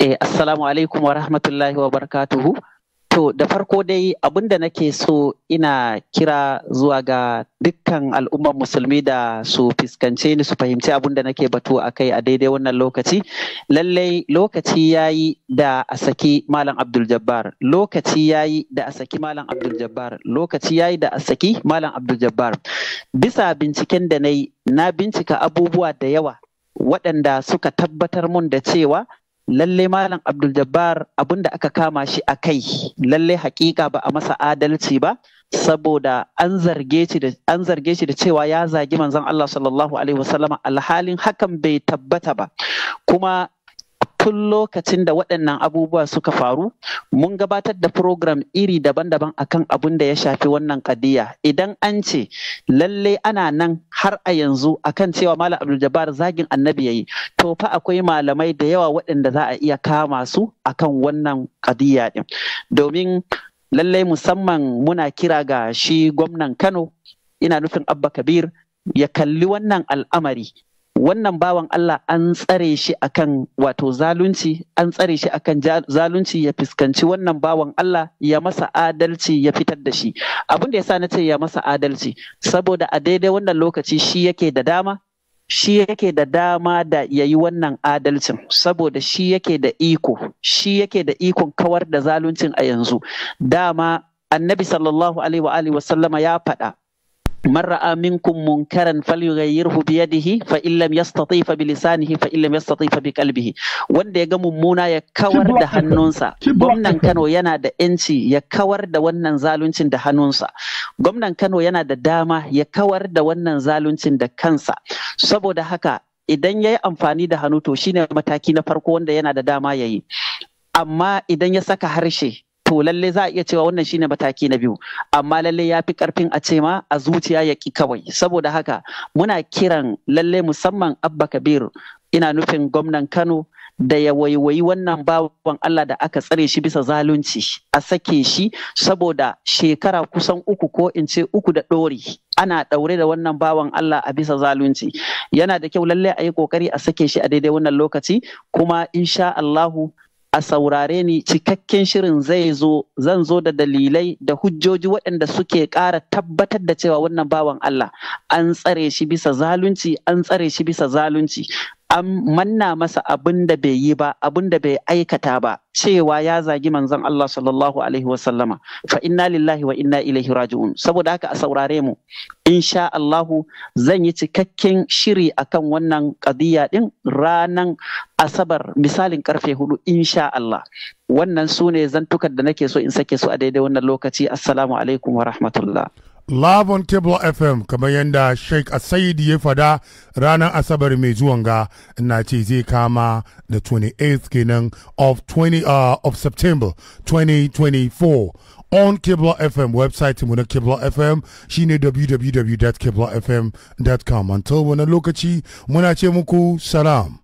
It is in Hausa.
Eh, assalamu alaikum wa rahmatullahi wa barakatuhu. To, da farko dai abin da nake so ina kira zuwa ga dukkan al'ummar musulmi da su fuskance ni su fahimci abin da nake batu a kai a daidai wannan lokaci. Lallai lokaci ya yi da a saki Malam Abdul Jabbar, lokaci ya yi da a saki Malam Abdul Jabbar, lokaci ya yi da a saki Malam Abdul Jabbar. Bisa binciken da na yi, na bincika abubuwa da yawa waɗanda suka tabbatar mun da cewa Lallai malam abdul jabbar abinda aka kama shi a kai lallai hakika ba a masa adalci ba saboda an zarge shi da cewa ya zagi manzon Allah sallallahu alaihi wasallama alhalin hakan bai tabbata ba kuma tun lokacin da waɗannan abubuwa suka faru mun gabatar da program iri daban-daban akan abun da ya shafi wannan kadiya idan an ce lalle ana nan har a yanzu akan cewa malam abdul zagin annabi yayi to fa akwai malamai da yawa waɗanda za a iya kama su akan wannan kadiya din domin lallai musamman muna kira ga shi gwamnan kano ina nufin abba kabir ya kalli wannan al'amari wannan bawan Allah an tsare shi akan wato zalunci an tsare shi akan zalunci ya fuskanci wannan bawan Allah ya masa adalci ya fitar da shi abin da yasa ce ya masa adalci saboda a daidai wannan lokaci shi yake da dama shi yake da dama da ya yi wannan adalcin saboda shi yake da iko shi yake da ikon kawar da zaluncin a yanzu dama annabi sallallahu alaihi wa alihi wasallama ya faɗa من رأى منكم منكرا فليغيره بيده فإن لم يستطيع فبلسانه فإن لم يستطيع فبقلبه wanda ya ga mummuna ya kawar da hannunsa gwamnan Kano yana da yanci ya kawar da wannan zaluncin da hannunsa gwamnan Kano yana da dama ya kawar da wannan zaluncin da kansa saboda haka idan ya yi amfani da hannu to shine mataki na farko wanda yana da dama ya yi amma idan ya saka harshe to lalle za a iya cewa wannan shine mataki na biyu amma lalle ya fi karfin a ce ma a zuciya ya ki kawai saboda haka muna kiran lalle musamman abba kabir ina nufin gwamnan kano da ya waiwayi wannan bawan Allah da aka tsare shi bisa zalunci a sake shi saboda shekara kusan uku ko in ce uku da ɗori ana ɗaure da wannan bawan Allah a bisa zalunci yana da kyau lalle a yi ƙoƙari a sake shi a daidai wannan lokaci kuma insha Allahu a saurare ni cikakken shirin zai zo zan zo da dalilai da hujjoji waɗanda suke ƙara tabbatar da cewa wannan bawan Allah an tsare shi bisa zalunci an tsare shi bisa zalunci an manna masa abin da bai yi ba abin da bai aikata ba cewa ya zagi manzon Allah sallallahu alaihi wa sallama fa inna lillahi wa inna ilaihi raji'un saboda haka a saurare mu insha Allah zan yi cikakken shiri akan wannan qadiya din ranan asabar misalin karfe hudu insha Allah wannan sune zantukan da nake so in sake su a daidai wannan lokaci assalamu alaikum wa rahmatullah on Cable FM kamar yadda Sheikh Asayid ya fada ranar Asabar mai zuwan ga na ce zai kama da 28th kenan of 20 uh, of September 2024 on Kibla FM website mu na Kibla FM shine www.kiblafm.com until wani lokaci muna ce muku salam